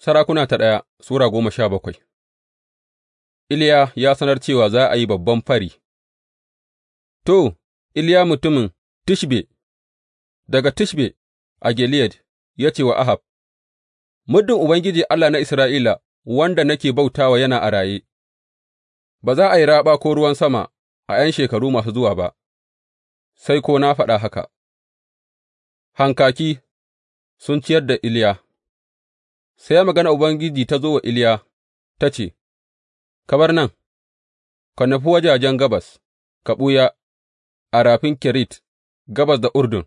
Sarakuna ta ɗaya Sura goma sha bakwai Iliya ya sanar cewa za a yi babban fari To, Iliya mutumin Tishbe, daga Tishbe a Gileyad ya ce wa Ahab, Muddin Ubangiji Allah na Isra'ila wanda nake bautawa yana a raye, ba za a yi raɓa ko ruwan sama a ’yan shekaru masu zuwa ba, sai ko na faɗa haka. Hankaki sun ciyar da Iliya. Sai magana Ubangiji ta zo wa Iliya ta ce, Ka bar nan, ka nufi wajajen gabas, ka ɓuya a rafin Kerit, gabas da Urdun,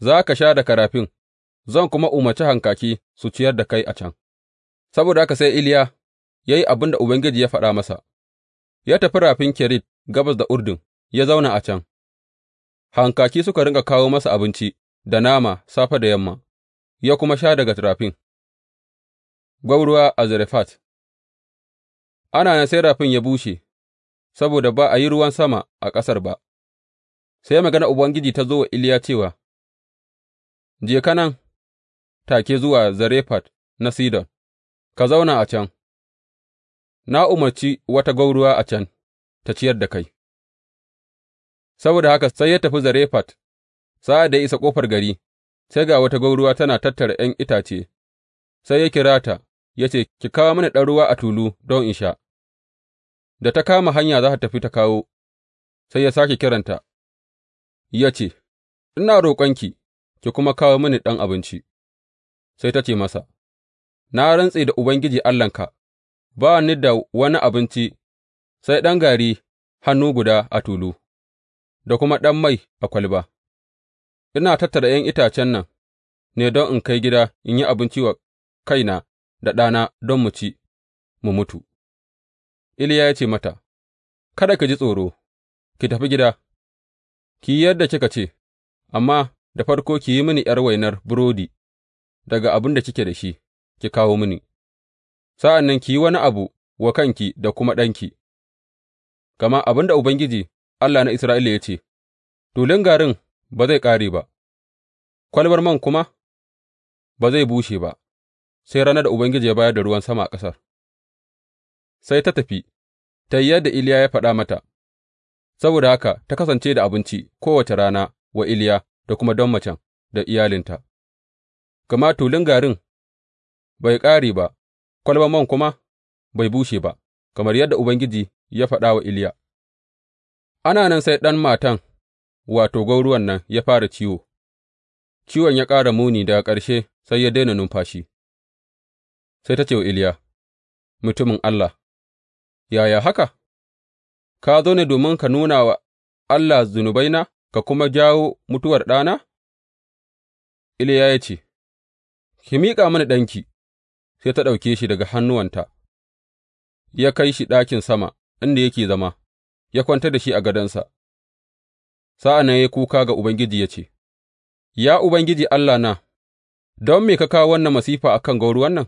za ka sha daga rafin, zan kuma umarci hankaki su ciyar da kai a can. Saboda aka sai Iliya ya yi abin da Ubangiji ya faɗa masa, ya tafi rafin Kerit gabas da Urdun, ya zauna a can. Hankaki suka ringa kawo masa abinci da nama safe da yamma, ya kuma sha daga rafin. gwauruwa a Zarefat Ana nan sai rafin ya bushe, saboda ba a yi ruwan sama a ƙasar ba, sai magana Ubangiji ta zo wa Iliya cewa, Je ka nan take zuwa Zarefat na Sidon, ka zauna a can, na umarci wata gwauruwa a can ta ciyar da kai. Saboda haka sai ya tafi Zarefat, sa'ad da ya isa ƙofar gari, sai ga wata gwauruwa tana tattara ’yan itace, sai ya kira ta, ya ce, Ki kawo mini ɗan ruwa a tulu don in sha, da ta kama hanya za ta tafi ta kawo, sai ya sāke kiranta, ya ce, Ina roƙonki, ki kuma kawo mini ɗan abinci, sai ta ce masa, Na rantse da Ubangiji Allahnka, ba ni da wani abinci sai ɗan gari hannu guda a tulu, da kuma ɗan mai a kwalba, ina tattara ’yan itacen nan ne don in kai gida in yi abinci wa kaina da ɗana don mu ci, mu mutu. Iliya ya ce mata, Kada ki ji tsoro, ki tafi gida, ki yi yadda kika ce, amma da farko ki yi mini ’yar wainar burodi daga abin da kike da shi, ki kawo mini, sa'an nan ki yi wani abu wa kanki da kuma ɗanki, gama abin da Ubangiji, Allah na Isra'ila ya ce, tulin garin ba zai ƙare ba, kwalbar man kuma ba zai bushe ba. sai ranar da Ubangiji ya bayar da ruwan sama a ƙasar, sai ta tafi, ta yi yadda Iliya ya faɗa mata, saboda haka ta kasance da abinci kowace rana wa Iliya da kuma don macen da iyalinta, gama tulun garin bai ƙare ba, kwalban man kuma bai bushe ba, kamar yadda Ubangiji ya faɗa wa Iliya. Ana nan sai ɗan matan, wato, gwauruwan nan ya fara ciwo, ciwon ya ƙara muni daga ƙarshe sai ya daina numfashi. sai ta ce wa Iliya, Mutumin Allah, yaya haka, ka zo ne domin ka nuna wa Allah zunubaina ka kuma jawo mutuwar ɗana? Iliya ya ce, Ki miƙa mini ɗanki, sai ta ɗauke shi daga hannuwanta, ya kai shi ɗakin sama inda yake zama, ya kwantar da shi a gadonsa, sa'an nan ya kuka ga Ubangiji ya ce, Ya Ubangiji Allah na? don me ka kawo wannan masifa a kan gauruwan nan?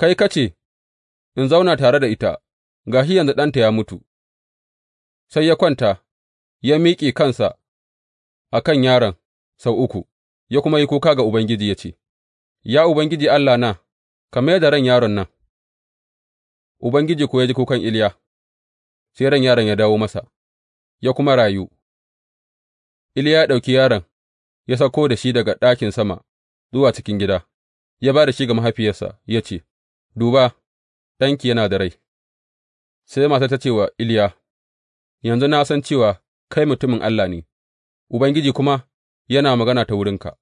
kai ka ce, In zauna tare da ita, ga shi yanzu ɗanta ya mutu, sai ya kwanta, ya miƙe kansa a kan yaron sau uku, ya kuma yi kuka ga Ubangiji ya ce, Ya Ubangiji Allahna, ka mai da ran yaron nan, Ubangiji kuwa ya ji kukan Iliya, sai ran yaron ya dawo masa, ya kuma rayu. Iliya ya ɗauki yaron, ya sauko da shi daga ɗakin sama zuwa cikin gida, ya ba da shi ga mahaifiyarsa, ya ce, Duba, ɗanki yana da rai. Sai matar ta ce wa Iliya, Yanzu na san cewa kai mutumin Allah ne, Ubangiji kuma yana magana ta wurinka.